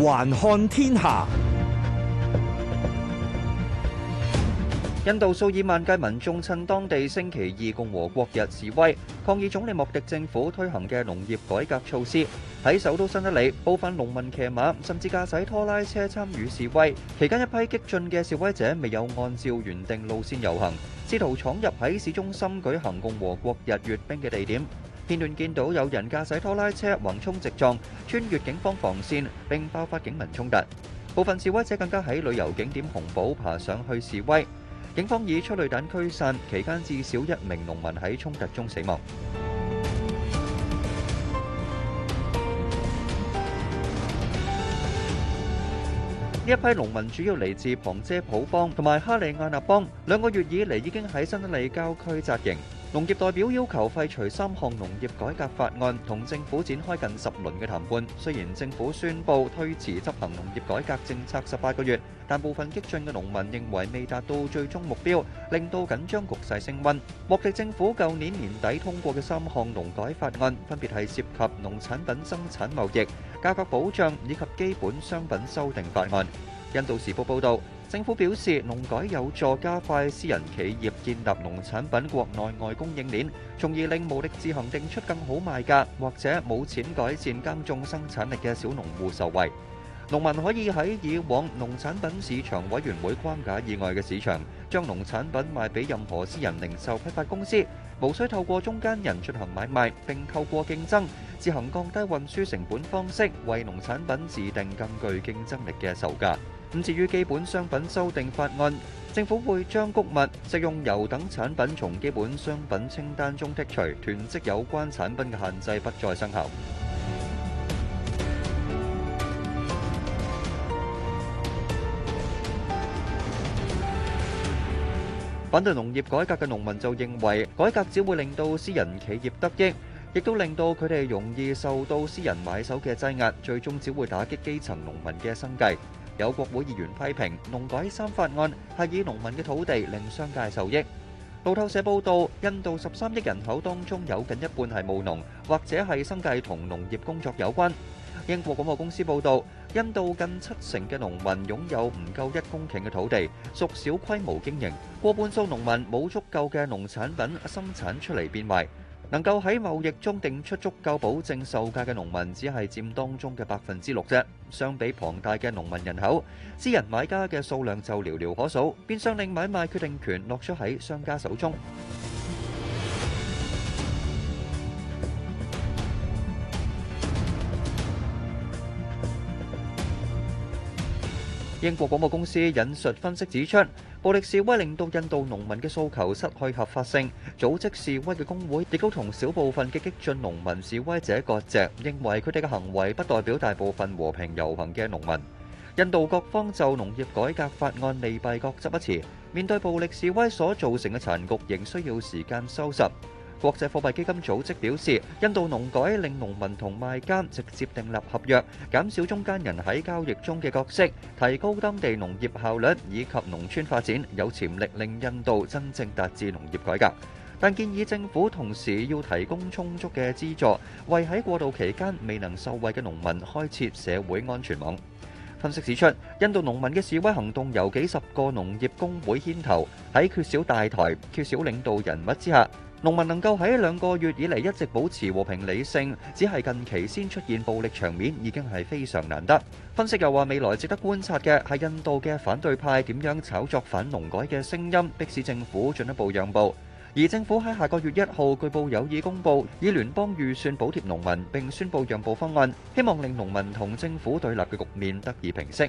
環看天下，印度數以萬計民眾趁當地星期二共和國日示威，抗議總理莫迪政府推行嘅農業改革措施。喺首都新德里，部分農民騎馬甚至駕駛拖拉車參與示威。期間，一批激進嘅示威者未有按照原定路線遊行，試圖闖入喺市中心舉行共和國日閱兵嘅地點。片段見到有人駕駛拖拉車橫衝直撞，穿越警方防線，並爆發警民衝突。部分示威者更加喺旅遊景點紅堡爬上去示威。警方以催淚彈驅散，期間至少一名農民喺衝突中死亡。呢一批農民主要嚟自旁遮普邦同埋哈里亞納邦，兩個月以嚟已經喺新德里郊區紮營。農業代表要求廢除三項農業改革法案，同政府展開近十輪嘅談判。雖然政府宣佈推遲執行農業改革政策十八個月，但部分激進嘅農民認為未達到最終目標，令到緊張局勢升溫。莫迪政府舊年年底通過嘅三項農改法案，分別係涉及農產品生產貿易、價格保障以及基本商品修訂法案。印度時報報導。政府表示農改有助加快私人企業建立農產品國內外供應鏈，從而令無力自行定出更好賣價或者冇錢改善耕種生產力嘅小農戶受惠。農民可以喺以往農產品市場委員會關卡以外嘅市場將農產品賣俾任何私人零售批發公司，無需透過中間人進行買賣，並透過競爭自行降低運輸成本方式為農產品制定更具競爭力嘅售價。咁至於基本商品修訂法案，政府會將穀物、食用油等產品從基本商品清單中剔除，囤積有關產品嘅限制不再生效。 有國會議員批評農改三法案係以農民嘅土地令商界受益。路透社報導，印度十三億人口當中有近一半係務農或者係生計同農業工作有關。英國廣播公司報導，印度近七成嘅農民擁有唔夠一公頃嘅土地，屬小規模經營。過半數農民冇足夠嘅農產品生產出嚟變賣。能夠喺貿易中定出足夠保證售價嘅農民，只係佔當中嘅百分之六啫。相比龐大嘅農民人口，私人買家嘅數量就寥寥可數，變相令買賣決定權落咗喺商家手中。英國廣播公司引述分析指出。暴力示威令到印度農民嘅訴求失去合法性，組織示威嘅工會亦都同小部分嘅激進農民示威者割席，認為佢哋嘅行為不代表大部分和平遊行嘅農民。印度各方就農業改革法案利弊各國際貨幣基金組織表示，印度農改令農民同賣家直接訂立合約，減少中間人喺交易中嘅角色，提高當地農業效率以及農村發展，有潛力令印度真正達至農業改革。但建議政府同時要提供充足嘅資助，為喺過渡期間未能受惠嘅農民開設社會安全網。分析指出，印度農民嘅示威行動由幾十個農業工會牽頭，喺缺少大台、缺少領導人物之下。農民能夠喺兩個月以嚟，一直保持和平理性，只係近期先出現暴力場面，已經係非常難得。分析又話，未來值得觀察嘅係印度嘅反對派點樣，炒作反農改嘅聲音，迫使政府進一步讓步。而政府喺下個月一號據報有意公布以聯邦預算補貼農民，并宣布讓步方案，希望令農民同政府對立嘅局面得以平息。